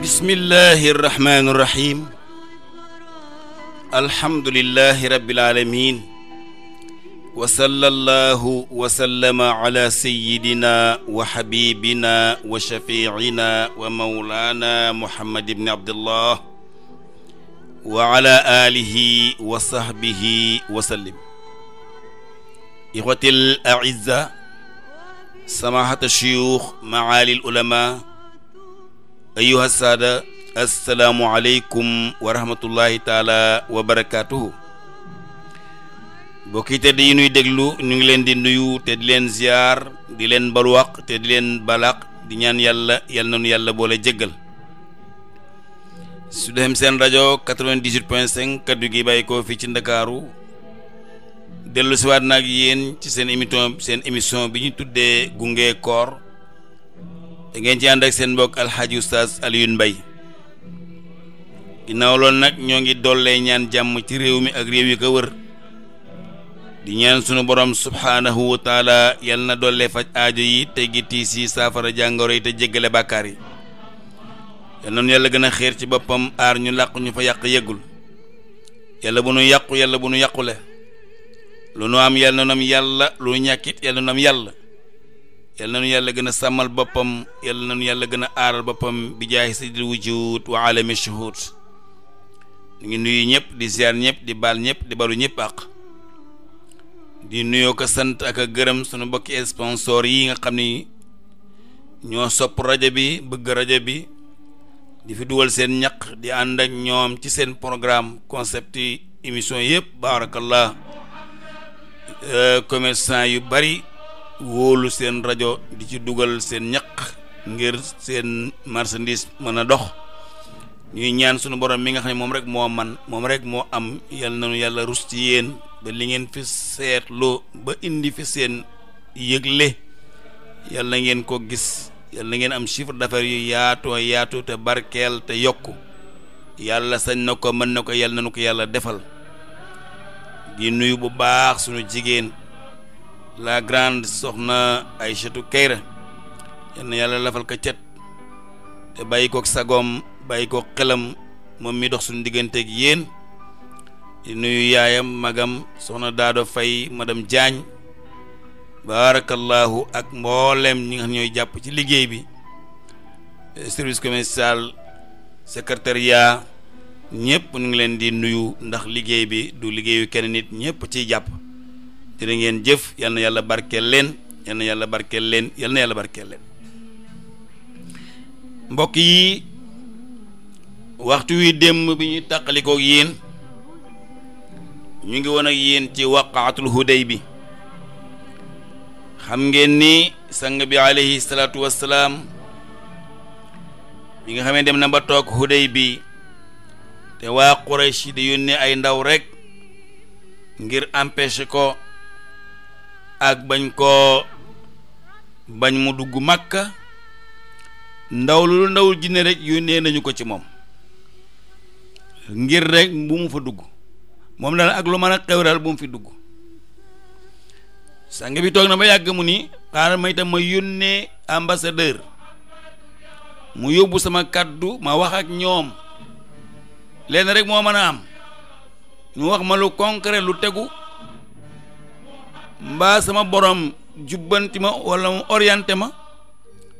bismillahi irrahmani irrahim alhamdulilahi rabilalamin wa sallallahu wa sallama ala sayidina wa xabibina wa shafiicina wa maulana muhammad ibni abdullah wa ala alihi wa sahbihi wa sallim ixwati al aizza samahata shuyuux maali al ulama ayyuha saada assalaamu aleykum wa rahmatullahi taala wa barakaatuhu mbokk yi te di nuy déglu ñu ngi leen di nuyu te di leen ziar di leen balwaq te di leen balaq di ñaan yalla yal na nu yàlla boole jéggal su dem seen rajo 98.5 kaddu gi bàyyi ko fii ci ndakaaru dellu siwaat nag yéen ci seen émission seen émission bi ñu tuddee gunge koor da ngeen ci ànd ak seen mbokk alxaaji oustaz Alioune Mbaye ginnaaw loolu nag ñoo ngi dollee ñaan jàmm ci réew mi ak réew yi ko wër di ñaan sunu borom subhaanahu wa taala yal na dollee faj aajo yi teggi tiis yi saafara jàngoro yi te jéggale bàkkaar yi yal na nu yàlla gën a xéer ci boppam aar ñu làq ñu fa yàq yëggul yàlla bu nu yàqu yàlla bu nu yàqule lu nu am yàlla na nu am yàlla lu nu ñàkkit yàlla na nu am yàlla yal na nu yàlla gën a sàmmal boppam yal na nu yàlla gën a aaral boppam bi jaay sayyidil wujud wa alami shuhud ñu nuyu ñëpp di ziar ñëpp di baal ñëpp di baru ñëpp àq di nuyoo ko sant ak a gërëm sunu mbokki sponsor yi nga xam ni ñoo sopp rajo bi bëgg rajo bi di fi duwal seen ñaq di ànd ak ñoom ci seen programme concept émission yëpp baarakallah euh, commerçant yu bari wóolu seen rajo di ci dugal seen ñaq ngir seen marchandise mën a dox ñuy ñaan sunu borom mi nga xam ne moom rek moo man moom rek moo am yal nañu yàlla rus ci yéen ba li ngeen fi seetloo ba indi fi seen yëgle yal na ngeen ko gis yal ngeen am chiffre d'affaires yu yaatoo yaatu te barkeel te yokk yàlla sañ na ko mën na ko yal nañu ko yàlla defal di nuyu bu baax sunu jigéen la grande soxna Aïchatou Kayra yal yàlla lafal ko cet te bàyyikook kook sagoom bàyyi xelam moom mi dox suñu digganteeg yéen di nuyu yaayam magam soxna Daado Faye madame Diagne barakallahu ak mboolem ñi nga xam ñooy jàpp ci liggéey bi eh, service commercial secrétariat ñëpp ñu ngi leen di nuyu ndax liggéey bi du liggéeyu kenn nit ñëpp ciy jàpp jërë ngeen jëf yal yàlla barkeel leen yal yàlla barkeel leen yal na yàlla barkeel leen mbokk yi waxtu wi démb bi ñuy tàqalikoo ak yéen ñu ngi woon ak yéen ci waqaatul huday bi xam ngeen ni sang bi alayhi salaatu wassalaam bi nga xamee dem na ba toog huday bi te waa Quraysh di yónnee ay ndaw rek ngir empêcher ko ak bañ koo bañ mu dugg màkka ndaw lu ndawul jinne rek yónnee nañu ko ci moom ngir rek bu mu fa dugg moom daal ak lu mën a xew daal bu mu fi dugg sang bi toog na ba yàgg mu ni xaaral ma itam ma yónnee ambassadeur mu yóbbu sama kàddu ma wax ak ñoom lenn rek moo mën a am ñu wax ma lu concret lu tegu mbaa sama borom jubbanti ma wala mu orienté ma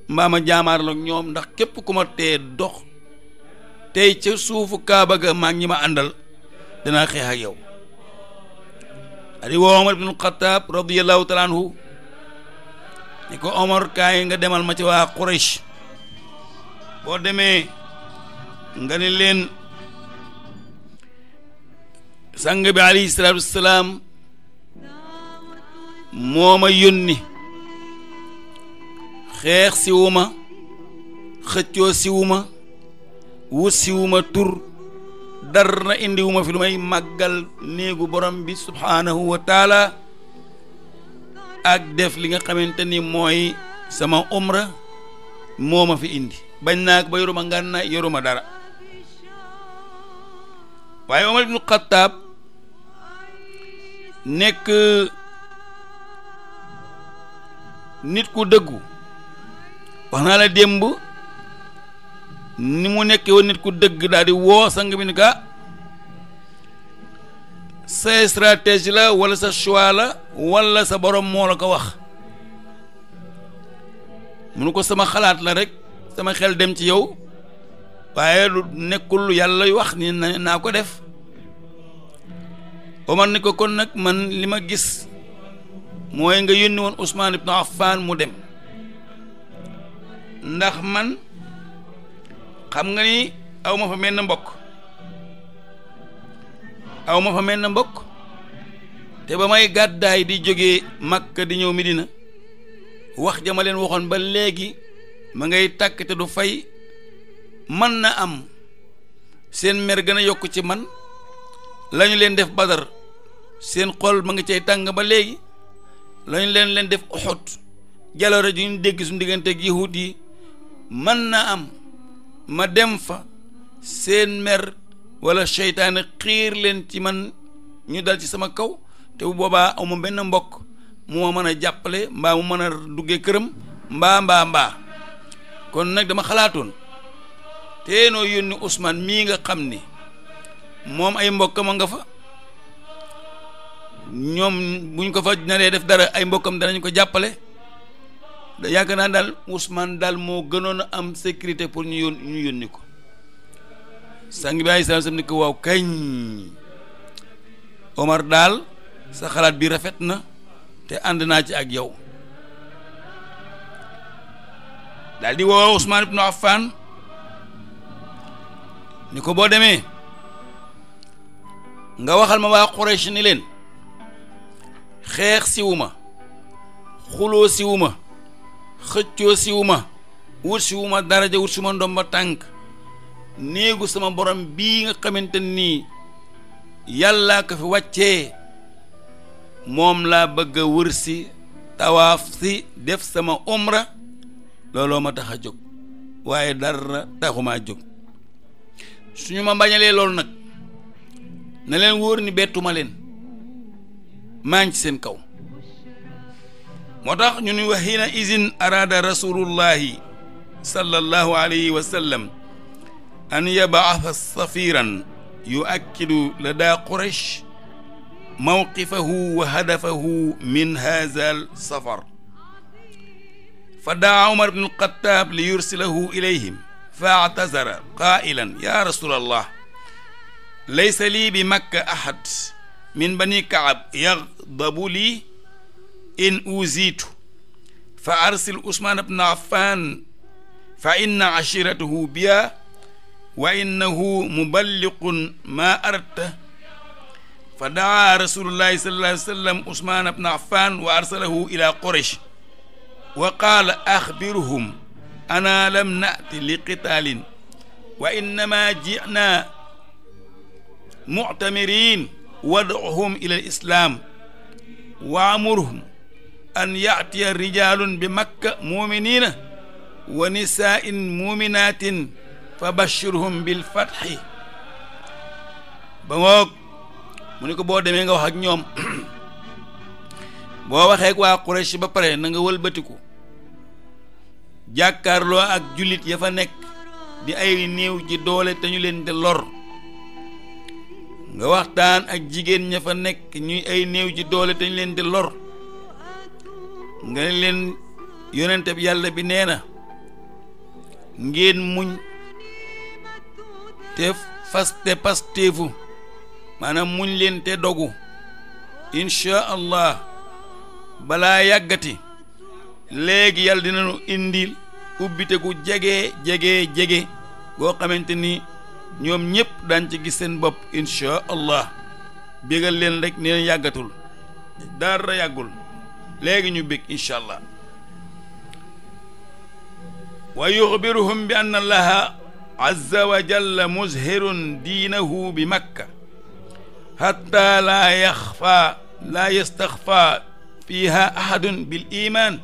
mbaa ma jaamaar la ñoom ndax képp ku ma tee dox tey ca suufu kaaba ga maa ngi ma àndal danaa xeex ak yow adi woo Omar ibnul Xataab radiyallahu taala ni ko Omar kaay nga demal ma ci waa Quraysh boo demee nga ni leen sang bi alayhi salaatu wasalaam moo ma yónni xeex si wu ma xëccoo si wu ma wut si wu ma tur dara indi wu ma fi lu may màggal néegu borom bi subhaanahu wa taala ak def li nga xamante ni mooy sama umra moo ma fi indi bañ naa ba yoruma ngànnaay yoruma dara waaye Omar ibnu Xattaab nekk nit ku dëggu wax naa la démb ni mu nekkee woon nit ku dëgg daal di woo sang bi ni sa stratégie la walla sa choix la walla sa borom moo la ko wax munu ko sama xalaat la rek sama xel dem ci yow waaye lu nekkul yàlla wax ni naa ko def Omar ni ko kon nag man li ma gis mooy nga yónni woon Ousmane ibn Affan mu dem ndax man xam nga ni awma fa mel mbokk awma fa mel na mbokk te ba may gàddaay di jógee Makka di ñëw Medina wax ja ma leen waxoon ba léegi ma ngay tàkk te du fay mën na am seen mer gën a yokk ci man lañu leen def badar seen xol ma nga cay tàng ba léegi lañ leen leen def Uhud jaloore ji ñu dégg suñu digganteeg yahud yi mën na am ma dem fa seen mer wala seytaane xiir leen ci man ñu dal ci sama kaw te bu boobaa aw benn mbokk mu ma mën a jàppale mbaa mën a duggee këram mbaa mbaa kon nag dama xalaatoon teenoo yónni Ousmane mii nga xam ni moom ay mbokkam a nga fa ñoom buñ ko fa naree def dara ay mbokkam danañ ko jàppale yaakaar naa daal Ousmane daal moo gënoon a am sécurité pour ñu yón ñu yónni ko sàngi bi alayhi salaam ni ko waaw kañ Omar daal sa xalaat bi rafet na te ànd naa ci ak yow daal di woo Ousmane ibnu Affan ni ko boo demee nga waxal ma waa Quraysh ni leen xeex siwu ma xuloo siwu ma xëccoo siwu ma wut siwu ma daraja wut siwu ma ndomba tànk néegu sama borom bii nga xamante nii yàlla ko fi wàccee moom laa bëgg a wër si tawaaf si def sama umra looloo ma tax a jóg waaye dara taxumaa jóg suñu ma bañalee loolu nag na leen wóor ni bettuma leen maa ngi ci seen kaw moo tax ñu ni wa xiina isin araada rasulullahi sallallahu alayhi wa sallam an yabaafa safiran yuakkidu lada quraish mawqifahu wa hadafahu min haza al safar fa daa umar bnu alxataab li yursilahu ilayhim fa atazara qailan ya rasul allah laysa lii bi makka ahad min bani kaab yaxdabu li in uzitu fa arsil usmaan bna affan fa inna ashiratahu biya wa innahu muballiqun ma aradta fa daa rasulullahi sallallahu alayhi wa sallam usmaan bna affan wa arsalahu ila quraysh wa qaala axbirhum ana lam naati li qitaalin wa innama jinaa muctamirin wad'uhum ila islaam wa amurhum an ya'tiya rijalun bi makka muminina wa nisa'in muminatin fa bashirhum bil fathi ba ngoog mu ne ko boo demee nga wax ak ñoom boo waxee ak waa Quraysh ba pare na nga wëlbatiku jàkkaarloo ak jullit ya fa nekk di ay néew ji doole te leen di lor nga waxtaan ak jigéen ña fa nekk ñuy ay néew ji doole dañ leen di lor nga ne leen yonente yàlla bi nee na ngeen muñ te fas te pasteefu maanaam muñ leen te dogu incha allah balaa yàggati léegi yàlla dinañu indil ubbite gu jege jege jege boo xamante ni ñoom ñëpp daan ci gis seen bopp incha allah bégal leen rek neen yàggatul dara yàggul léegi ñu bég incha allah wa yuxbiruhum bi anna allaha azza wa jalla muzhirun diinahu bi makka xatta laa yaxfa laa yastaxfa fiiha ahadun bil iman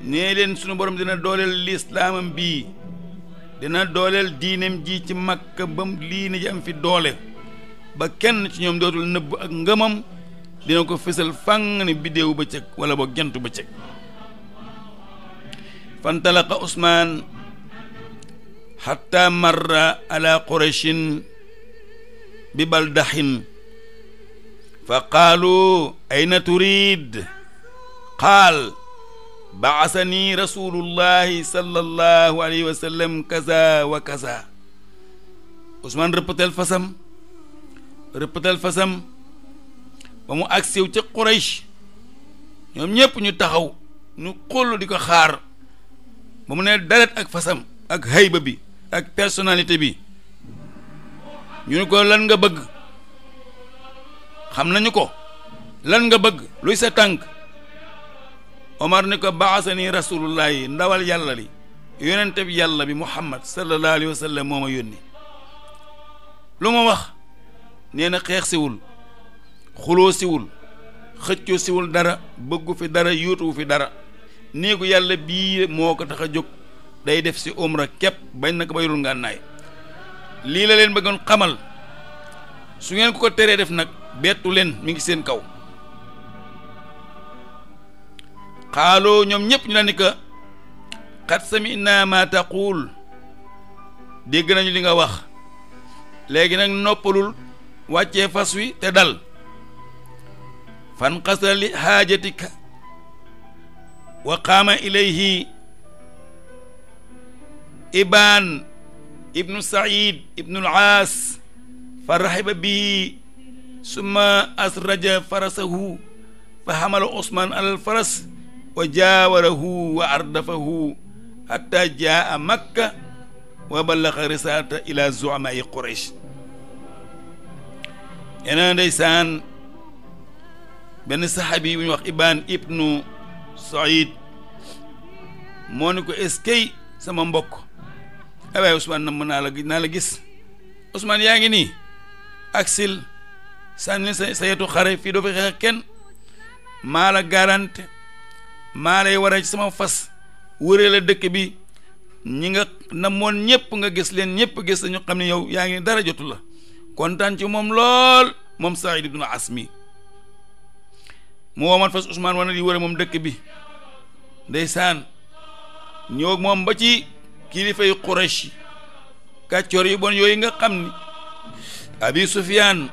nee leen sunu borom dina dooleel lislaamam bi dina dooleel diineem ji ci Makka bam lii ji am fi doole ba kenn ci ñoom dootul nëbbu ak ngëmam dina ko fësal fàng ni ba bëccëg wala boog jantu bëccëg fantalaqa Usmaan xatta marra ala quraychin bi baldaxin fa qaalu ayna turid qaal baasani rasulullahi sallallahu alayhi wa sallam kaza wa kaza Ousmane rëppatal fasam rëppatal fasam ba mu agsiw ca Quraysh ñoom ñépp ñu taxaw ñu xool di ko xaar ba mu ne deret ak fasam ak hayba bi ak personnalité bi ñu ne ko lan nga bëgg xam nañu ko lan nga bëgg luy sa tànk omar ni ko baasani rasulullahi ndawal yàlla li yonente bi yàlla bi muhammad sallallahu alayhi wa sallam moo ma lu ma wax nee na xeex siwul xuloo siwul dara bëggu fi dara yuutuwu fi dara néegu yàlla bii moo ko tax a jóg day def si umra képp bañ na ko ngànnaay lii la leen bëggoon xamal su ngeen ko ko teree def nag bettu leen mi ngi seen kaw xaaloo ñoom ñëpp ñu la ni ka ma taquul dégg nañu li nga wax léegi nag noppalul wàccee fas wi te dal fan xasal li xaajatika wa qaama ilayhi ibaan ibnu said ibnu al aas fa raxiba bihi summa asraja farasahu fa xamala usmaan alal faras wa jaawarahu wa ardafahu xatta jaa makka wa ballaxa risalata ila zuamai quraish yeneen ndeysaan benn saxaabi bu ñu wax ibaan ibnu saïd moo ni ko eskay sama mbokk ay waaye Ousmane namm naa la naa yaa ngi nii aksil sànni sa sa yetu xare fii doo fi xeex kenn maa la garante maa lay waral ci sama fas wëree la dëkk bi ñi nga namoon ñëpp nga gis leen ñëpp gis ñu xam ne yow yaa ngi dara jotu la kontaan ci moom lool moom Saïd ibnu Asmi mu woomat fas Ousmane war na di wëre moom dëkk bi ndeysaan ñëw moom ba ci kilifa yu Quraysh yi kàccoor yu bon yooyu nga xam ni Abi Sufyaan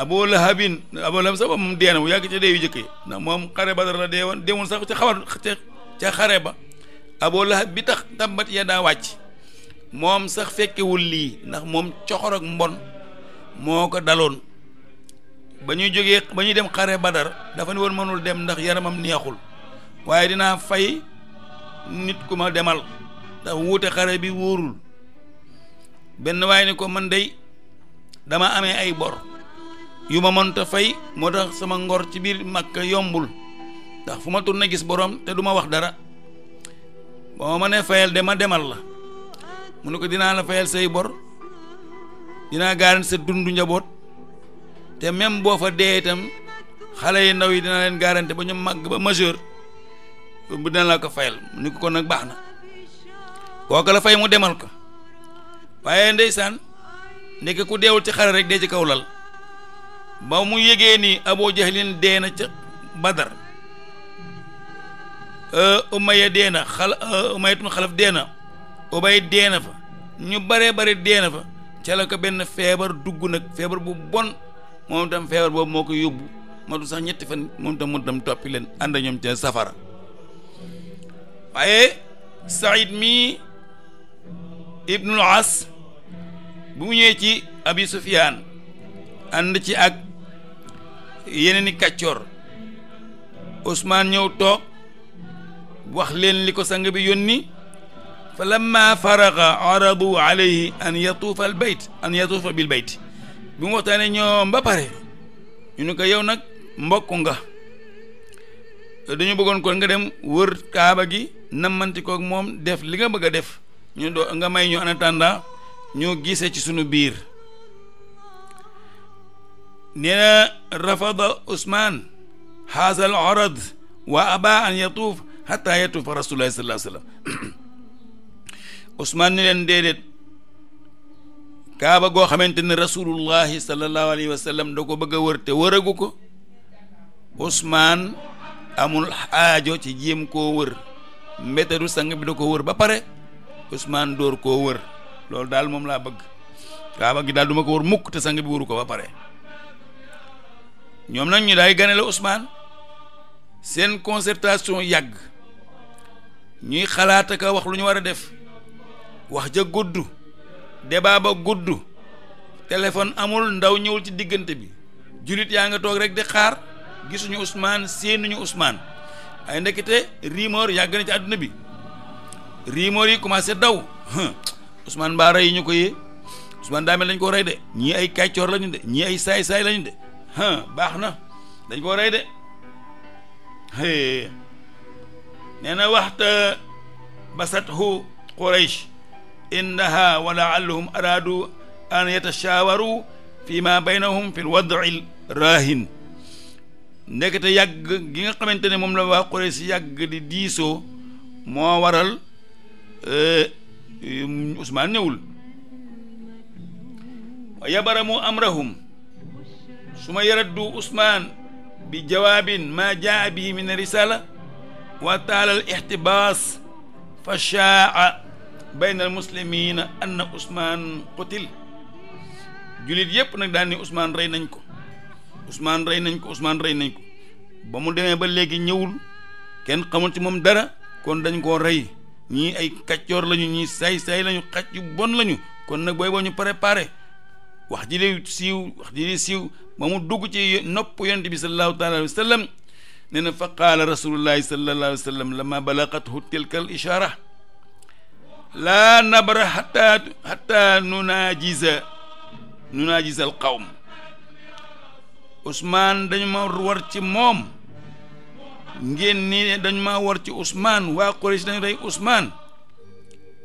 abu lahabin abu lahab sax moom dee na bu yàgg ca dee yu jëkk yi ndax moom xare badar la dee woon deewoon sax ca xawar ca xare ba abu lahab bi tax tabbat ya daa wàcc moom sax fekkewul lii ndax moom coxor ak mbon moo ko daloon ba ñuy jógee ba ñuy dem xare badar dafa ne mënul dem ndax yaramam neexul waaye dinaa fay nit ku ma demal ndax wuute xare bi wóorul benn waaye ni ko man dey dama amee ay bor yu ma mënta fay moo tax sama ngor ci biir Makka yombul ndax fu ma na gis boroom te duma wax dara boo ma ne de ma demal la mu ne ko dinaa la fayal say bor dinaa gaaran sa dundu njaboot te même boo fa dee itam xale yi ndaw yi dina leen garanti ba ñu màgg ba majeur bu dina la ko fayal mu ni ko kon nag baax na kooka la fay mu demal ko waaye ndeysaan ndeke ku deewul ci xare rek dee ci kaw lal ba mu yëgee ni Abu Jahlin dee na ca Badar Umayya dee na xal Umayyatul Xalaf dee na Ubay dee na fa ñu baree bare dee na fa ca la ko benn feebar dugg nag feebar bu bon moom tam feebar boobu moo ko yóbbu matu sax ñetti fan moom tam moom tam toppi leen ànd ñoom ca safara waaye Saïd mii Ibnul As bu mu ñëwee ci Abi ànd ci ak yeneen i kàccoor osmaan ñëw toog wax leen li ko sang bi yónni fa lamma faraga aradu alayhi an yatuufa al an yatuufa bil bayt bi mu waxtaanee ñoom ba pare ñu ne ko yow nag mbokk nga dañu bëggoon ko nga dem wër kaaba gi nammanti koog moom def li nga bëgg a def ñu doo nga may ñu en attendant ñu gisee ci sunu biir nee na rafada usman haza al wa aba an yatuuf xata yatuufa rasulullahi sallallahu sallam usman ni leen déedéet kaaba goo xamante ne rasulullahi sallallahu alayhi wa sallam ko bëgg a wër te wëragu ko usman amul xaajo ci jéem koo wër mbétadu sang bi da ko wër ba pare usman dóor koo wër loolu daal moom laa bëgg kaaba gi daal du ma ko wër mukk te sang bi wëru ko ba pare ñoom nag ñu daay gane la Ousmane seen concertation yàgg ñuy xalaat ka wax lu ñu war a def wax ja gudd débat ba gudd téléphone amul ndaw ñëwul ci diggante bi jullit yaa nga toog rek di xaar gisuñu Ousmane séenuñu Ousmane ay ndekete rumeur yàgg ci àdduna bi riimoor yi commencé daw usmaan Ba rey ñu ko yee Ousmane daa mel lañ ko rey de ñii ay kàccoor lañu de ñii ay saay-saay lañu de baax na dañ koo rey de nee na waxta basathu quraysh innaha wa laallahum araadu an yatashaawaru fi ma baynahum fi lwadci raahin ndekete yàgg gi nga xamante ne moom la waa quraysh yàgg di diisoo moo waral eh, Usmaan ñëwul yabaramu amrahum suma yaraddu usmaan bi jawaabin maa jaa bihi min risala wa taala al ixtibaas fa shaa bayna al muslimina anna usmaan qutil julit yépp nag daan ni usmaan rey nañ ko usmaan rey nañ ko usmaan rey nañ ko ba mu demee ba léegi ñëwul kenn xamul moom dara kon dañ ko rey ñii ay kaccoor lañu ñii saay saay lañu xaj yu bon lañu kon nag booy boo ñu wax ji lay siiw wax ji lay siiw ba mu dugg ci nopp yonent bi sallallahu taala alayhi wa sallam nee na fa qaala rasulullahi sallallahu alayhi lama balaqathu tilka al ishaara nabra xata xata nunaajisa nunaajisa al qawm Ousmane dañu ma war ci moom ngeen ni dañu ma war ci Ousmane waa Quraysh dañu rey Ousmane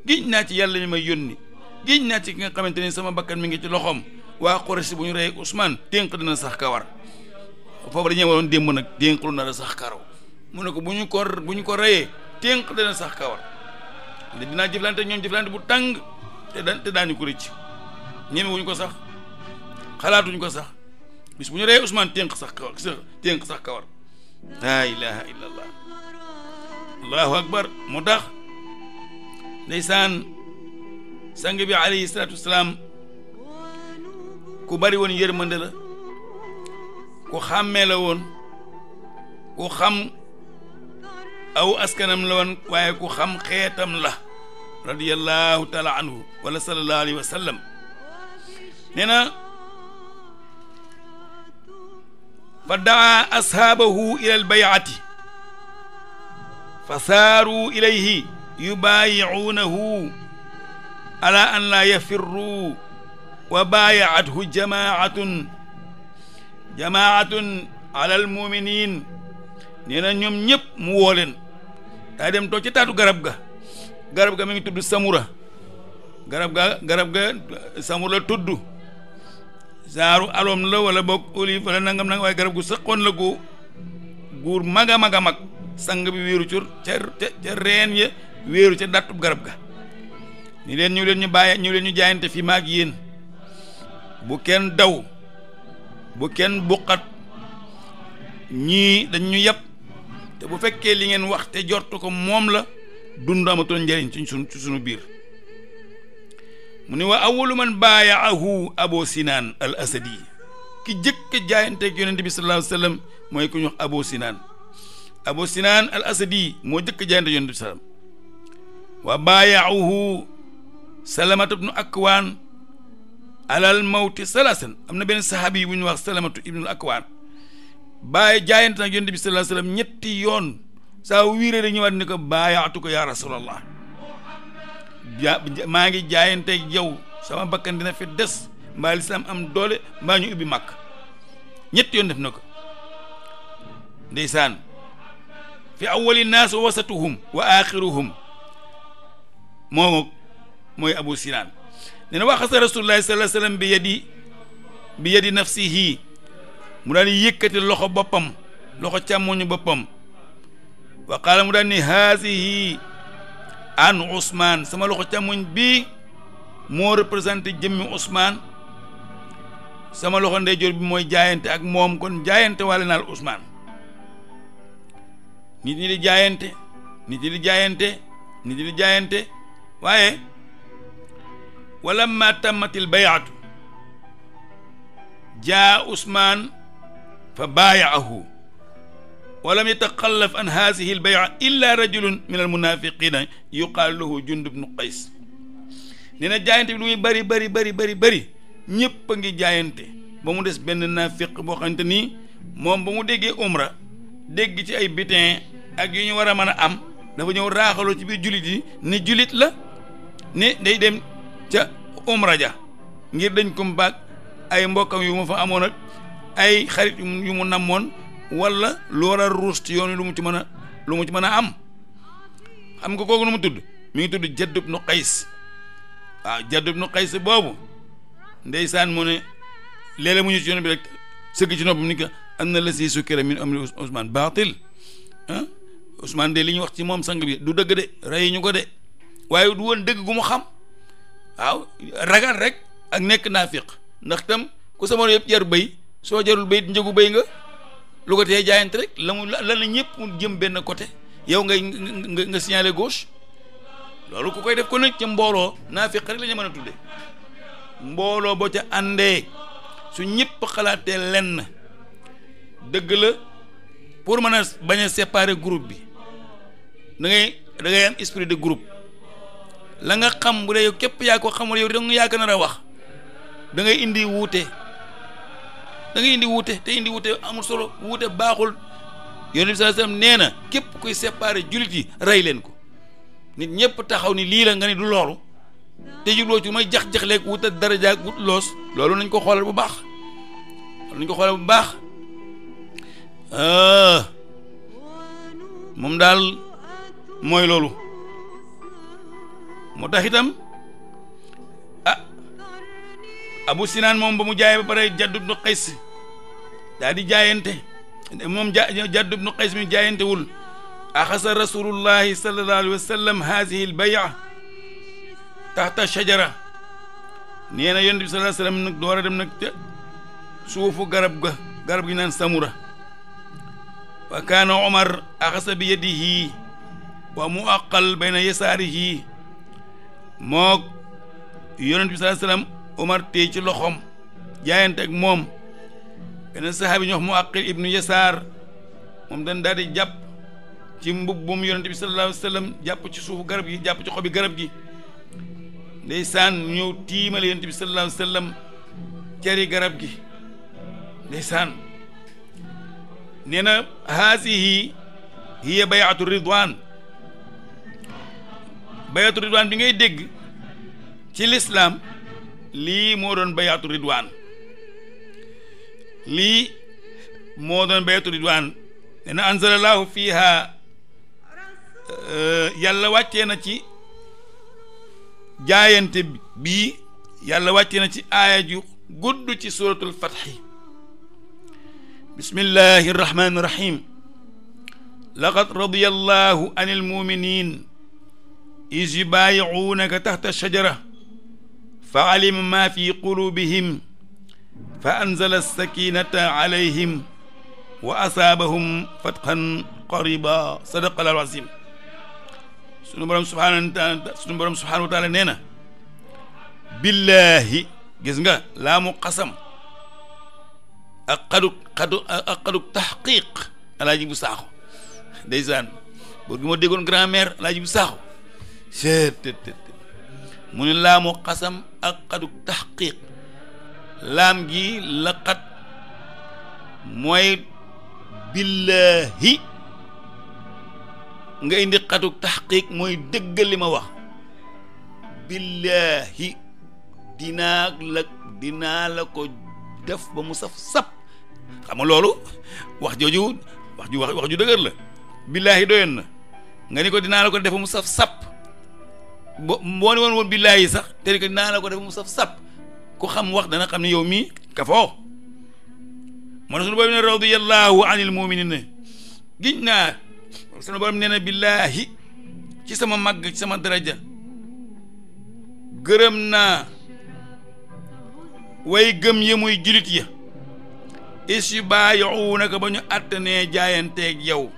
giñ naa ci yàlla mi ma yónni giñ naa ci ki nga xamante ne sama bakkan mi ngi ci loxoom waa Quraysh bu ñu rey Ousmane dénk dina sax kawar foofu la ñu waroon démb nag dénkul na sax karaw mu ne ko bu ñu ko bu ñu ko reyee dénk dina sax kawar dinaa jëflante ñoom jëflante bu tàng te daan te daañu ko rëcc ñeme wuñ ko sax xalaatuñ ko sax bis bu ñu reyee Ousmane dénk sax kawar dénk sax kawar laa ilaha illa allah allahu akbar moo tax ndeysaan sang bi alayhi salaatu ku bari woon yërmande la ku xàmmee la woon ku xam aw askanam la woon waaye ku xam xeetam la radiyallahu taala anhu wala sallallahu alayhi wa sallam nee na fa daa ashaabahu ila albayati fa saaruu ilayhi yubaayicuunahu ala an laa yafirruu wa baayaathu jamaatun jamaatun alal muminin nee na ñoom ñëpp mu woo leen daa dem toog ci taatu garab ga garab ga mu ngi tudd samura garab ga garab ga samura tudd saaru aloom la wala boog olive wala nangam nangam waaye garab gu sëqoon la gu guur mag a mag a mag sang bi wéeru ca ca reen ya wéeru ca dattub garab ga ni leen ñu leen ñu bàyyi ñu leen ñu jaayante fi maag yéen bu kenn daw bu kenn buqat ñii dañ ñu yàpp te bu fekkee li ngeen wax te jortu ko moom la dund amatul njëriñ ci sunu ci sunu biir mu ne wa awalu man baayaahu abo sinaan al asadi ki jëkk jaayanteeg yonente bi sallallahu alayhi mooy ku ñu wax abo sinaan abo sinaan al asadi moo jëkk jaayante yonente bi salaam wa baayaahu salamatu bnu akwaan alal mawti salasan am na benn saxaabi yi bu ñu wax salamatu ibnul akwaan bàyyi jaayante nag yonent bi sallallahu ñetti yoon saa wiiree rek ñëwaat ni ko baayaatu ko yaa rasulallah ja maa ngi jaayante jaw sama bakkan dina fi des mbaa lislaam am doole mbaa ñu ubbi màkk ñetti yoon def na ko ndeysaan fi awwali naas wa wasatuhum wa axiruhum moo mooy Abu Sinaan nee na waxasa rasulullahi sallallahu alayhi wasallam bi yadi bi yadi nafsihi mu daal di yëkkati loxo boppam loxo càmmoñu boppam wa mu daal ni haasihi an Ousmane sama loxo càmmoñ bi moo représenté jëmmi Ousmane sama loxo ndeyjoor bi mooy jaayante ak moom kon jaayante wàlle naal Ousmane nit ñi di jaayante nit ñi di jaayante nit ñi di jaayante waaye wa lamma tammatil bayatu jaa usmaan fa baayaahu wa lam yataqallaf an haadihi al bay'a illa min al yuqaalu lahu jund bnu qays nee na jaayante bi lu muy bëri bëri bëri bëri bëri a ngi jaayante ba mu des benn naafiq boo xamante nii moom ba mu déggee umra dégg ci ay bitin ak yu ñu war a mën a am dafa ñëw raaxaloo ci biir jullit yi ni jullit la ni day dem ca umra raja ngir dañ ko baag ay mbokkam yu mu fa amoon ak ay xarit yu mu namoon wala lu war a ruus ci yoon lu mu ci mën a lu mu ci mën a am xam nga kook nu mu tudd mi ngi tudd Jadd ibnu Qays waaw nu ibnu Qays boobu ndeysaan mu ne léeg-léeg mu ñu ci yoon bi rek sëgg ci noppam ni ko am na la si sukkira min amri Ousmane baatil ah Ousmane de li ñu wax ci moom sang bi du dëgg de rey ñu ko de waaye du woon dëgg gu mu xam waaw ragal rek ak nekk naafiq ndax tam ku sama yëpp jar béy soo jarul béy njëgu béy nga lu ko tee jaayant rek la mu la la ñëpp mu jëm benn côté yow ngay nga nga signalé gauche loolu ku koy def ko nag ca mbooloo naafiq rek la ñu mën a tudde mbooloo boo ca àndee su ñëpp xalaatee lenn dëgg la pour mën a bañ a séparer groupe bi dangay ngay da ngay am esprit de groupe. la nga xam bu dee képp yaa ko xamul yow danga yaa ko nar a wax dangay indi wuute da indi wuute te indi wuute amul solo wuute baaxul yonent bi nee na képp kuy séparer jullit yi rey leen ko nit ñëpp taxaw ni lii la nga ni du loolu te jubloo ci may jax-jax leeg wut ak daraja ak wut nañ ko xoolal bu baax loolu nañ ko xoolal bu baax ah. moom daal mooy loolu moo ah, Abu Sinaan moom ba mu jaayee ba pare Jadd ibnu Qays daal di jaayante moom ja ibnu Qays mi jaayantewul axasa rasulullahi sallallahu alayhi wa sallam haadihi lbaya taxta shajara nee na yonent bi sallam nag door a dem nag suufu garab ga garab gi naan samura wa kaana Omar axasa bi yadihi wa muaqal bayna yasaarihi mook yonent bi sallallahu alayhi wasallam ci loxoom jaayante ak moom beneen saxaabi ñox mu àqil ibnu yasaar moom dañ daal jàpp ci mbubbum yonent bi sallallahu alayhi jàpp ci suufu garab gi jàpp ci xobi garab gi ndeysaan ñëw tiimale yonent bi sallallahu alayhi wasallam ceri garab gi ndeysaan nee na haasihi hiya bayatu ridwan bayaatu ridwaan bi ngay dégg ci lislaam lii moo doon bayaatu ridwaan lii moo doon bayaatu ridwaan nee na anzalallahu fiiha eh, yàlla wàccee na ci jaayante bi yàlla wàccee na ci aaya ju gudd ci suratul fatxi bismillahi irrahmani irrahim laqad radiya an almuminin is yubaayicuunaka taxta shajara fa alima maa fi quluubihim fa anzala sakinata alayhim wa asaabahum fatxan qariba sadaqallaahu l-aziim sunu borom subhaanahu wa taala sunu borom subhaanahu wa taala nee na billaahi gis nga laa mu xasam ak xadu xadu ak xadu taxqiiq alaaji bu saaxu ndeysaan bor gi ma déggoon grand-mère alaaji bu saaxu seetet mu ne laamu kasam ak xaduk taxqiq laam gi la xat mooy billaahi nga indi xatuk taxqiq mooy dëggal li ma wax billaahi dinaa la dinaa la ko def ba mu saf sap xam nga loolu wax jooju wax ju wax wax ju dëgër la billaahi doyoon na nga ni ko dinaa la ko def ba mu saf sap bo boo ne woon woon billaahi sax te que naa la ko def mu saf sap ku xam wax dana xam ne yow mii kafoo moo ne ne radiyallahu anil muminin naa suñu borom billaahi ci sama màgg ci sama daraja gërëm naa way gëm ya muy julit ya is yu bàyyiwunaka ba ñu àttanee jaayanteeg yow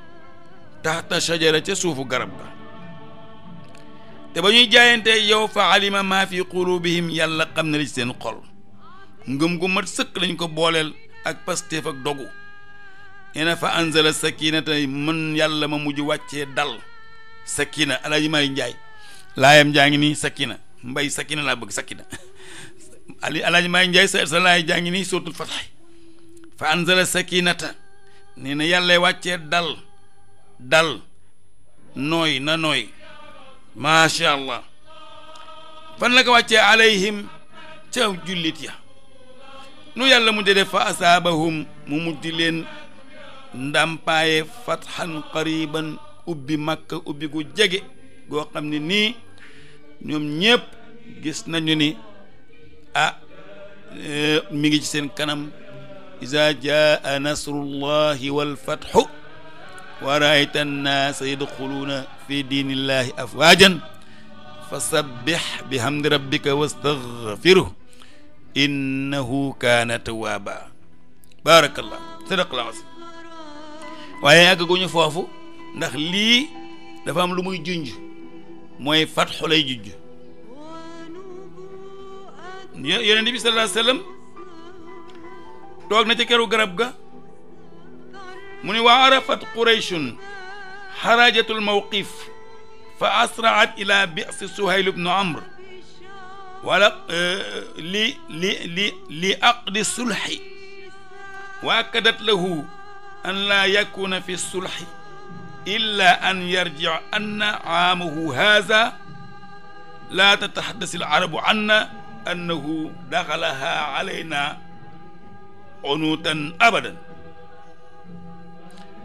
taxta shajara ca suufu garab ga te ba ñuy jaayantee yow fa alima maa fi qulubihim yàlla xam na li ci seen xol ngëm gu mat sëkk lañ ko booleel ak pasteef ak dogu nee fa anzala sakinata mën yàlla ma mujj wàccee dal sakina alaaji maay njaay laayam jaa ngi nii sakina mbay sakina laa bëgg sakina ali alaaji maay njaay sa sa laay jaa ngi nii suratul fatax fa anzala sakinata nee yàlla wàcce dal dal nooy na nooy macha allah fan la ko wàccee alayhim ca jullit ya nu yàlla mu def fa asaabahum mu mujj leen ndàmpaaye fatxan qariban ubbi makka ubbi gu jege goo xam ne nii ñoom ñëpp gis nañu ni ah mi ngi ci seen kanam iza jaa nasrullahi wal fatxu waa raayta annaasa yadxuluuna fi diinillaahi afwaajan fa sabbix bi hamdi rabbika wastaxfiru innahu kaana tawaaba baarakallah sadaqallahu aziim waaye àgguñu foofu ndax lii dafa am lu muy junj mooy fatxu lay junj yonent bi sallallahu toog na ca këru garab ga mu ne wa arafat qurayshun xarajatu lmawqif fa asraat ila bisi suhayl bnu amr wala eh, li li li li aqdi sulxi wa akadat lahu an laa yakuna fi sulxi illa an yarjica anna caamuhu haza laa tataxaddas alcarabu anna annahu daxalaha calayna cunuutan abadan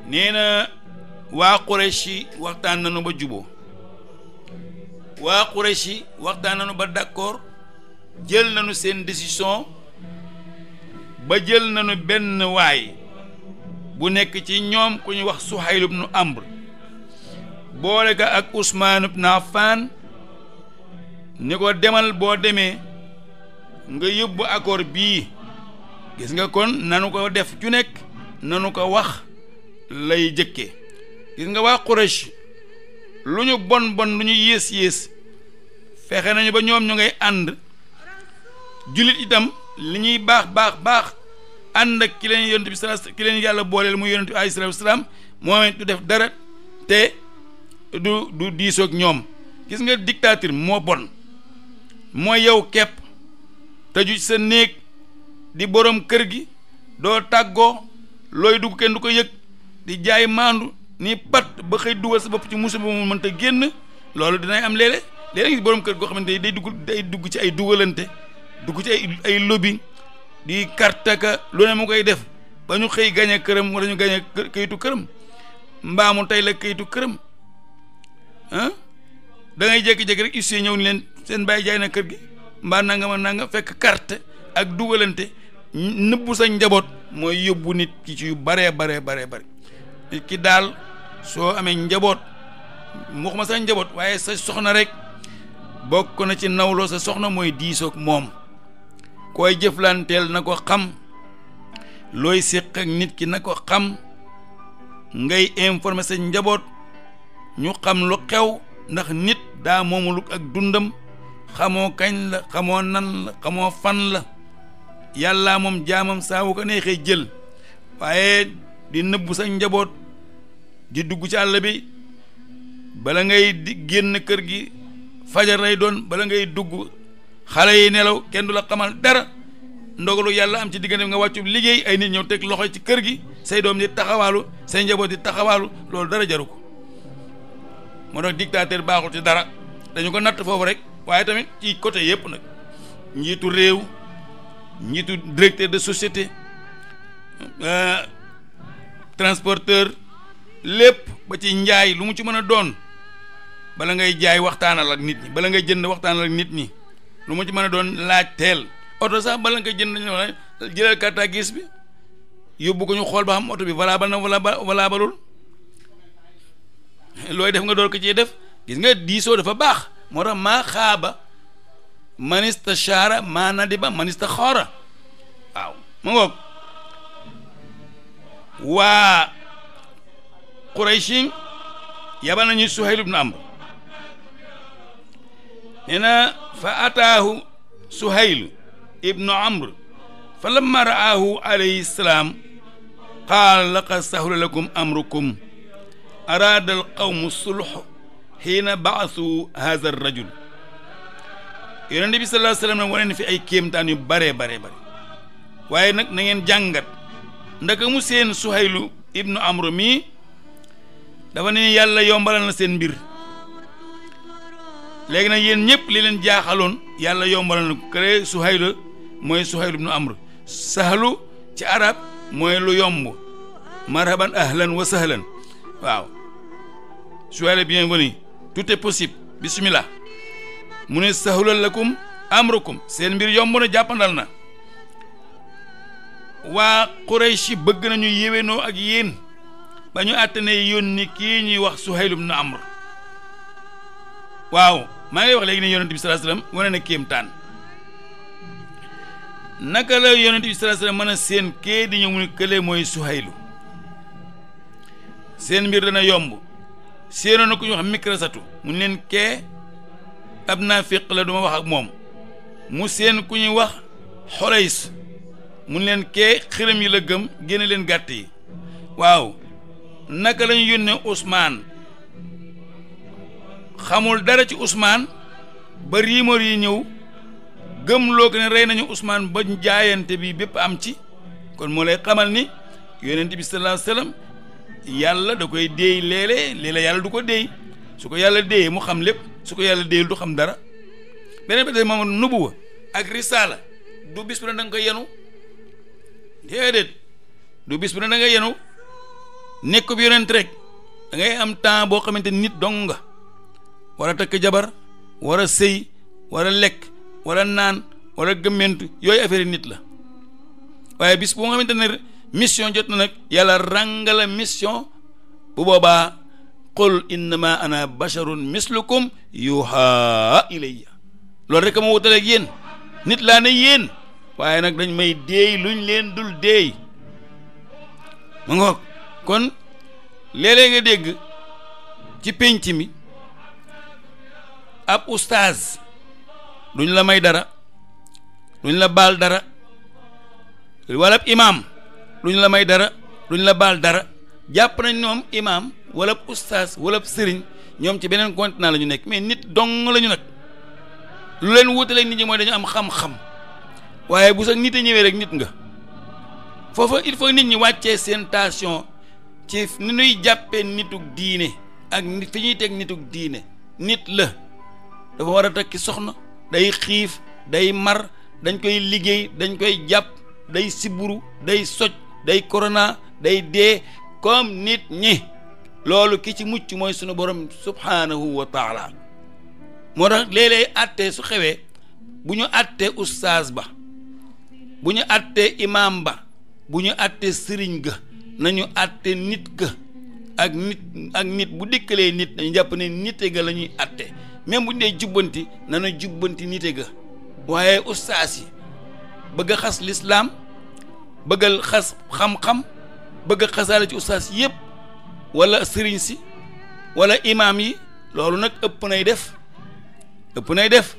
nee na waa Quraysh waxtaan nañu ba jubo waa Quraysh waxtaan nañu ba d'accord jël nañu seen décision ba jël nanu benn waay bu nekk ci ñoom ku ñu wax Suhayl ibn Amr boole ko ak Usmaan ibn Affan ni ko demal boo demee nga yóbbu accord bii gis nga kon nanu ko def cu nekk nanu ko wax lay jëkkee gis nga waa Quraysh lu ñu bon bon lu ñuy yées yées fexe nañu ba ñoom ñu ngay ànd jullit itam li ñuy baax baax baax ànd ak ki leen yonent bi sala ki yàlla booleel mu yonent bi alayhi salaatu moo moom du def dara te du du diisoo ñoom gis nga dictature moo bon mooy yow kepp tëju sa néeg di boroom kër gi doo tàggoo looy dugg kenn du ko yëg di jaay maandu nii pat ba xëy dugal sa bopp ci musiba mu mënta génn loolu dinay am léeg-léeg ngi borom kër goo xamante ni day dugg day dugg ci ay dugalante dugg ci ay ay di kartaka lu ne mu koy def ba ñu xëy gañe këram wala ñu gañe kayitu këram mbaamu tey la kayitu këram ah da ngay jékki rek huissier ñëw leen seen bàyyi jaay na kër gi mbaa nanga ma nanga fekk carte ak dugalante nëbbu sa njaboot mooy yóbbu nit ki ci yu baree baree baree bare ki daal soo amee njaboot ma sa njaboot waaye sa soxna rek bokk na ci nawloo sa soxna mooy diisoog moom koy jëflanteel na ko xam looy séq ak nit ki na ko xam ngay informer sa njaboot ñu xam lu xew ndax nit daa moomulug ak dundam xamoo kañ la xamoo nan la xamoo fan la yàlla moom jaamam saa wu ko neexee jël waaye di nëbbu sa njaboot di dugg ci àll bi bala ngay di génn kër gi fajar lay doon bala ngay dugg xale yi nelaw kenn du la xamal dara ndogalu yàlla am ci diggante bi nga wàccu liggéey ay nit ñëw teg loxo ci kër gi say doom di taxawaalu say njaboot di taxawaalu loolu dara jaru ko moo tax dictateur baaxul ci dara dañu ko natt foofu rek waaye tamit ci côté yëpp nag njiitu réew njiitu directeur de société euh, transporteur lépp ba ci njaay lu mu ci mën a doon bala ngay jaay waxtaanal ak nit ñi bala ngay jënd waxtaanal ak nit ñi lu mu ci mën a doon laaj teel oto sax bala nga jënd jëlal carte grise bi yóbbu ko ñu xool ba xam oto bi valable na wala valable balul looy def nga door ka cee def gis nga diisoo dafa baax moo tax maa xaaba manista shaara maa nadiba manista xoora waaw ma ngoog waa qurayshin yabal nañu suhayl ibnu amr nee na fa ataahu suhayl ibnu amr fa lamma ra'aahu alayhi salaam qaal laqad sahula lakum amrukum araada alqawmu sulh xiina baasu haza rajul yonente bi sallallahu alayhi wa sallam fi ay kéemtaan yu bare bare bare waaye nag na ngeen jàngat ndaka mu seen suhaylu ibnu amru mi dafa ne yàlla yombalal na seen mbir léegi nag yéen ñëpp li leen jaaxaloon yàlla yombalal na këree Suhayl mooy Suhayl ibnu Amr sahlu ci arab mooy lu yomb marhaban ahlan wa sahlan waaw Suhayl bienvenue tout est possible bismillah mu ne sahlal lakum amrukum seen mbir yomb na jàppandal na waa Quraysh bëgg nañu yéwénoo ak yéen ba ñu àttane yónni kii ñuy wax Suhayl ibn Amr waaw maa ngi wax léegi ne yonent bi sallallahu alayhi wasallam na kéemtaan naka la yonent bi sallallahu alayhi wasallam mën seen kee di ñëw mu ne kële mooy Suhaylu seen mbir dana yomb séenoon na ku ñu wax Mikrasatu mu leen kee ab naafiq la duma wax ak moom mu seen ku ñuy wax Xolays mu leen kee xërëm yi la gëm génne leen gàtt yi waaw naka lañu yónnee Ousmane xamul dara ci usmaan ba rumeur yi ñëw gëmloo ko ne rey nañu usmaan ba jaayante bi bépp am ci kon moo lay xamal ni yonent bi sallallahu alayhi yàlla da koy déey léeg-léeg yàlla du ko déey su ko yàlla déeyee mu xam lépp su ko yàlla déeyul du xam dara beneen bi tey moom nubuwa ak risaala du bis bu ne da nga yenu déedéet du bis bu ne da nga yenu nekkub yonent rek da ngay am temps boo xamante nit dong nga war a takk jabar war a sëy war a lekk war a naan war a gëmmentu yooyu affaire nit la waaye bis boo xamante ne mission jot na nag yàlla ràngala mission bu boobaa qul innama ana basharun mislukum yuha ilayya loolu rek ma wutaleeg yéen nit laa ne yéen waaye nag dañ may déey luñ leen dul déey ma kon léeg-léeg nga dégg ci pénc mi ab ustaaz duñ la may dara duñ la baal dara wala ab imaam duñ la may dara duñ la baal dara jàpp nañ ñoom imaam wala ab ustaaz wala ab sëriñ ñoom ci beneen continent la ñu nekk mais nit dong lañu ñu nag lu leen wutaleeg nit ñi mooy dañu am xam-xam waaye bu sa nit a ñëwee rek nit nga foofa il faut nit ñi wàccee seen tension ci ni nuy jàppee nituk diine ak nit fi ñuy teg nituk diine nit la dafa war a takki soxna day xiif day mar dañ koy liggéey dañ koy jàpp day siburu day soj day corona day dee comme nit ñi loolu ki ci mucc mooy sunu borom subhaanahu wa taala moo tax léeg-léeg àttee su xewee bu ñu àttee ustaas ba bu ñu àttee imaam ba bu ñu àttee sëriñ ga nañu àtte nit ka ak nit ak nit bu dikkalee nit dañu jàpp ne nite ga la ñuy àtte même bu ñu dee jubbanti nana jubbanti nite ga waaye ustaas yi bëgg xas lislaam bëgg xas xam-xam bëgg a xasaale ci ustaas yëpp wala sëriñ si wala imam yi loolu nag ëpp nay def ëpp nay def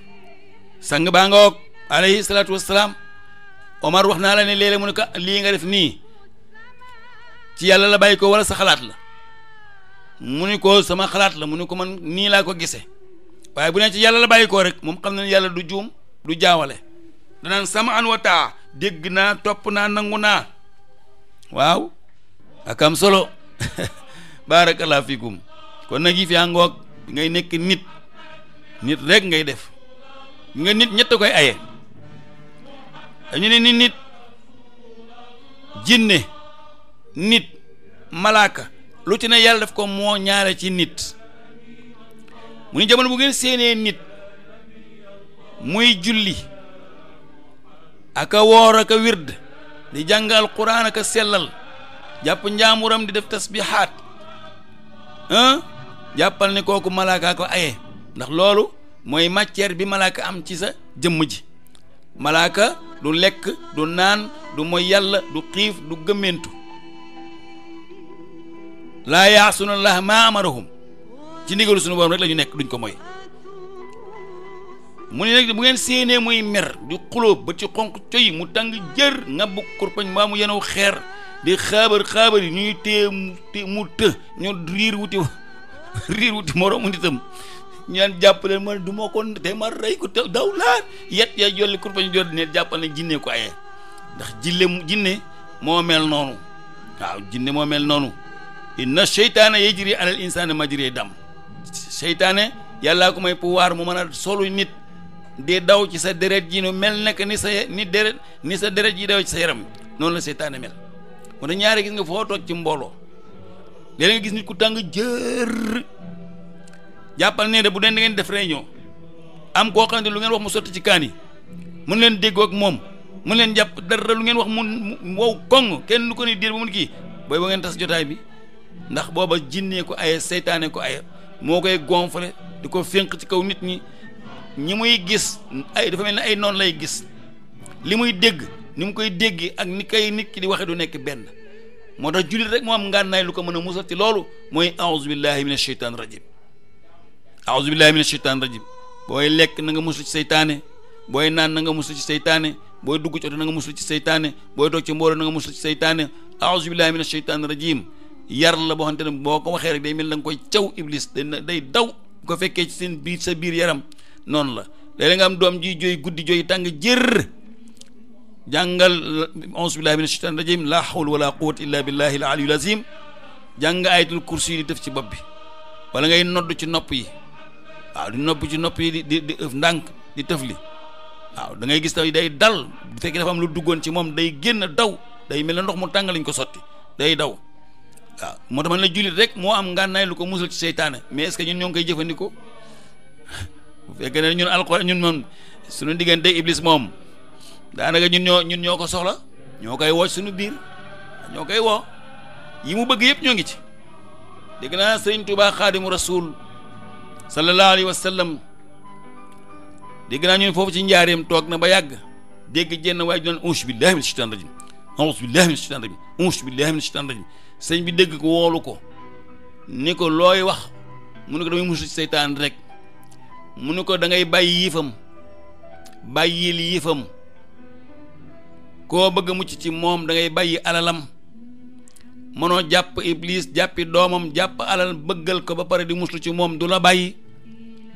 sang baa nga woog alayhi salaatu wassalaam Omar wax naa la ne léeg mu ne lii nga def nii ci yàlla la bàyyi ko wala sa xalaat la mu ni ko sama xalaat la mu ni ko man nii laa ko gisee waaye bu ne ci yàlla la bàyyi ko rek moom xam na yàlla du juum du jaawale danaan sama an wa dégg naa topp naa nangu naa waaw ak am solo baarakallaa fikum kon nag yi fi àngoog ngay nekk nit nit rek ngay def nga nit ñett koy aye dañu ne ni nit jinne nit malaaka lu ci ne yàlla def ko moo ñaare ci nit mu ni jamono bu ngeen séenee nit muy julli aka woor aka wird di jàngal quraan aka sellal jàpp njaamuram di def tasbihaat jàppal ni kooku malaaka ko aye ndax loolu mooy matière bi malaaka am ci sa jëmm ji malaaka du lekk du naan du moy yàlla du xiif du gëmmentu laa yaasuna allah laa amarahum ci ndigalu suñu borom rek la ñu nekk duñ ko mooy mu ne nag bu ngeen séenee mooy mer di xulóob ba ci xonq coy mu tàng jër nga bu kurpañ mbaa mu yenow xeer di xaabar xaabar yi ñuy téye mu të ñu riir wuti riir wuti moroomu nitam ñaan jàppaleen ma du ma ko te ma rey ko daw laa yet yaa kurpañ jot ne jàppal na jinne ko ayee ndax jille jinne moo mel noonu waaw jinne moo mel noonu na seytaane yajri alal insaani majri dam seytaane yàllaa ko may pouvoir mu mën a solu nit de daw ci sa deret ji nu mel nekk ni sa ni deret ni sa deret ji daw ci sa yaram noonu la seytaane mel moo tax ñaari gis nga foo toog ci mbooloo léeg nga gis nit ku tàng jër jàppal ne de bu deen da ngeen def réunion am koo xam ne lu ngeen wax mu sotti ci kaani yi mun leen déggoo ak moom mun leen jàpp dara lu ngeen wax mu wow koŋ kenn lu ko ni diir bu mun kii ngeen tas jotaay bi ndax booba jinnee ko aye seytaane ko aye moo koy gonfle di ko fénq ci kaw nit ñi ñi muy gis ay dafa mel ni ay noon lay gis li muy dégg ñu mu koy déggee ak ni kay nit ki di waxe du nekk benn moo tax jullit rek moo am ngànnaay lu ko mën a musal ci loolu mooy aouzu billahi min asheytan rajim aouzu billahi min asheytan rajim booy lekk na nga musul ci seytaane booy naan na nga musul ci seytaane booy dugg ci oto na nga musul ci seytaane booy toog ci mbooloo na nga musul ci seytaane aouzu billahi min asheytan rajim yar la boo xamante ne boo ko waxee rek day mel na nga koy caw iblis day daw ko fekkee ci seen biir sa biir yaram noonu la léeg nga am doom ji jooy guddi jooy tàng jër jàngal auzu billahi mina shaytani rajim la hawla wala quwwata illa billahi al jàng ayatul kursi di def ci bopp bi wala ngay nodd ci nopp yi waaw di nopp ci nopp yi di di ëf ndànk di tëfli waaw da ngay gis taw day dal bu fekkee dafa am lu duggoon ci moom day génn daw day mel na ndox mu tàng lañ ko sotti day daw waaw moo tax man la jullit rek moo am ngànnaay lu ko musal ci seytaane mais est-ce que ñun ñoo ngi koy jëfandikoo bu fekkee ne ñun alxuraan ñun moom suñu diggante iblis moom daanaka ñun ñoo ñun ñoo ko soxla ñoo koy woo suñu biir ñoo koy woo yi mu bëgg yëpp ñoo ngi ci dégg naa sëriñ Tuubaa xaadimu rasul sallallahu alayhi wa sallam dégg naa ñun foofu ci njaareem toog na ba yàgg dégg jenn waaye ju naan auzu billahi mina shaytaani rajim auzu billahi mina shaytaani rajim rajim sëñ bi dégg ko woolu ko ni ko looy wax mu ne ko damay musu ci seytaan rek mu ne ko da ngay bàyyi yëfam bàyyil yëfam koo bëgg a mucc ci moom dangay ngay bàyyi alalam mënoo jàpp iblis jàppi doomam jàpp alal bëggal ko ba pare di muslu ci moom du la bàyyi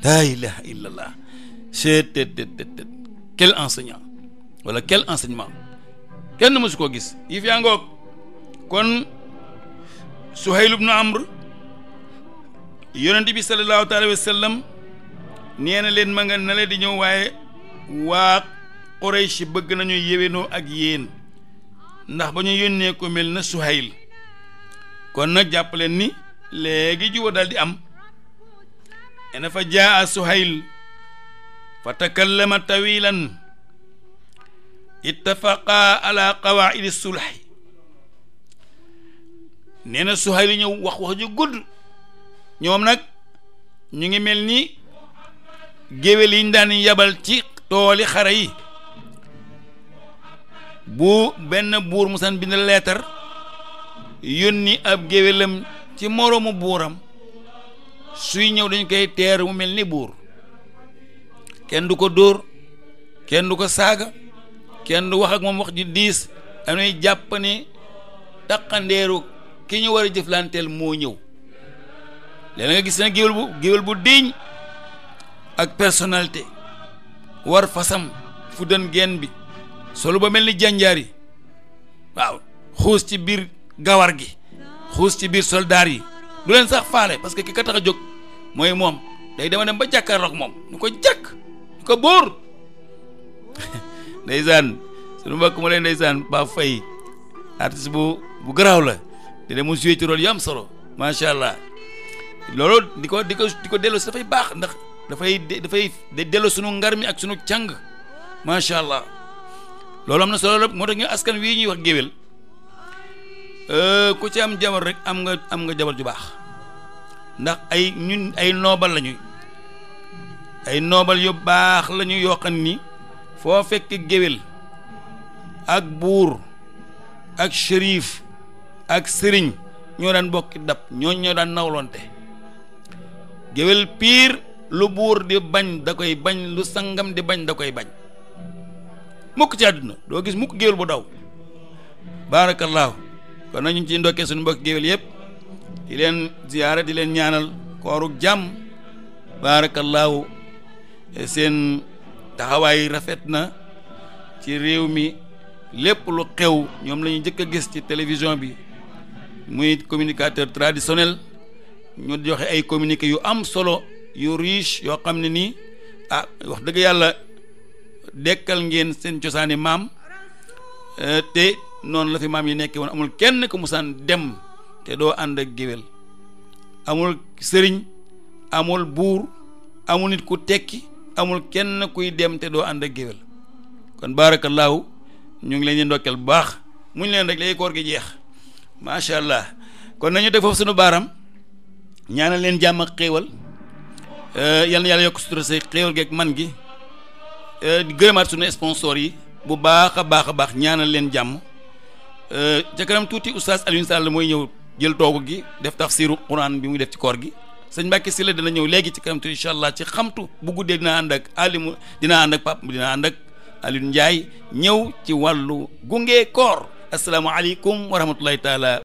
laa ilaha illallah seet tet tet tet quel enseignant wala quel enseignement kenn mësu koo gis yëf ngoog kon Suhayl ibnu Amr yonent bi sallallahu taala wa sallam na leen ma nga nale di ñëw waaye waa Quraysh bëgg nañu yéwénoo ak yéen ndax ba ñu yónnee ko mel na Suhayl kon nag jàpp leen ni léegi juba daal di am ena fa jaa Suhayl fa takallama tawilan ittafaqa ala qawaidi sulhi nee na Suhayl ñëw wax wax ju gudd ñoom nag ñu ngi mel ni géwél yi ñu daan yabal ci tooli xare yi bu benn buur musan bind leetar yónni ab géwélam ci moroomu buuram suy ñëw dañ koy teer mu mel ni buur kenn du ko dóor kenn du ko saaga kenn du wax ak moom wax di diis dañuy jàpp ni taqandeeru ki ñu war a jëflanteel moo ñëw léeg nga gis na géwél bu géwél ak personnalité war fasam fu dën bi solu ba mel ni jànjaar yi waaw xuus ci biir gawar gi xuus ci biir soldaar yi du leen sax faale parce que ki ka tax a jóg mooy moom day dama dem ba jàkkaarloog moom ñu ko jàkk ñu ko bóor ndeysaan suñu mbokk ma leen ndeysaan ba fay artiste bu bu garaaw la te de mu joué ci rôle yu am solo macha allah loolu di ko di ko di ko dellu si dafay baax ndax dafay dafay dellu sunu ngar mi ak sunu càng macha allah loolu am na solo la moo tax ñu askan wii ñuy wax géwél eh, ku ci am jabar rek am nga am nga jabar ju baax ndax ay ñu ay noobal lañu ay noobal yu baax lañu yoo xam ni foo fekk géwél ak buur ak shérif ak sëriñ ñoo daan bokki dab ñooñ ñoo daan nawlonte géwél piir lu buur di bañ da koy bañ lu sangam di bañ da koy bañ mukk ci àdduna doo gis mukk géwél bu daw baarakallaahu kon nañu ciy ndokkee suñu géwél yëpp leen ziyaara di leen ñaanal kooruk jàmm baarakallaahu eh, seen taxawaay rafet na ci réew mi lépp lu xew ñoom la ñu njëkk a gis ci télévision bi muy communicateur traditionnel ñu joxe ay communiqué yu am solo yu riche yoo xam ne nii ah wax dëgg yàlla dekkal ngeen seen cosaani maam eh, te noonu la fi maam yi nekkee woon amul kenn ku musaan dem te doo ànd ak géwél amul sëriñ amul buur amul nit ku tekki amul kenn kuy dem te doo ànd ak géwél kon baarakallaahu ñu ngi leen di ndokkeel bu baax muñ leen rek lay koor gi jeex macha allah kon nañu teg foofu sunu baaram ñaanal leen jàmm ak xéewal eh, yal na yàlla yokk sutura say xéewal geeg man gi eh, di gërëmaat sunu sponsor yi bu baax a baax a baax ñaanal leen jàmm eh, ca kanam tuuti oustaz Alioune Sall mooy ñëw jël toogu gi def tafsiru quran bi muy def ci koor gi sëñ Mbacke Sylla dana ñëw léegi ci kanam tuuti incha allah ci xamtu bu guddee dinaa ànd ak alimu dinaa ànd ak pap dinaa ànd ak Alioune Ndiaye ñëw ci wàllu gunge koor asalaamaaleykum wa rahmatullahi taala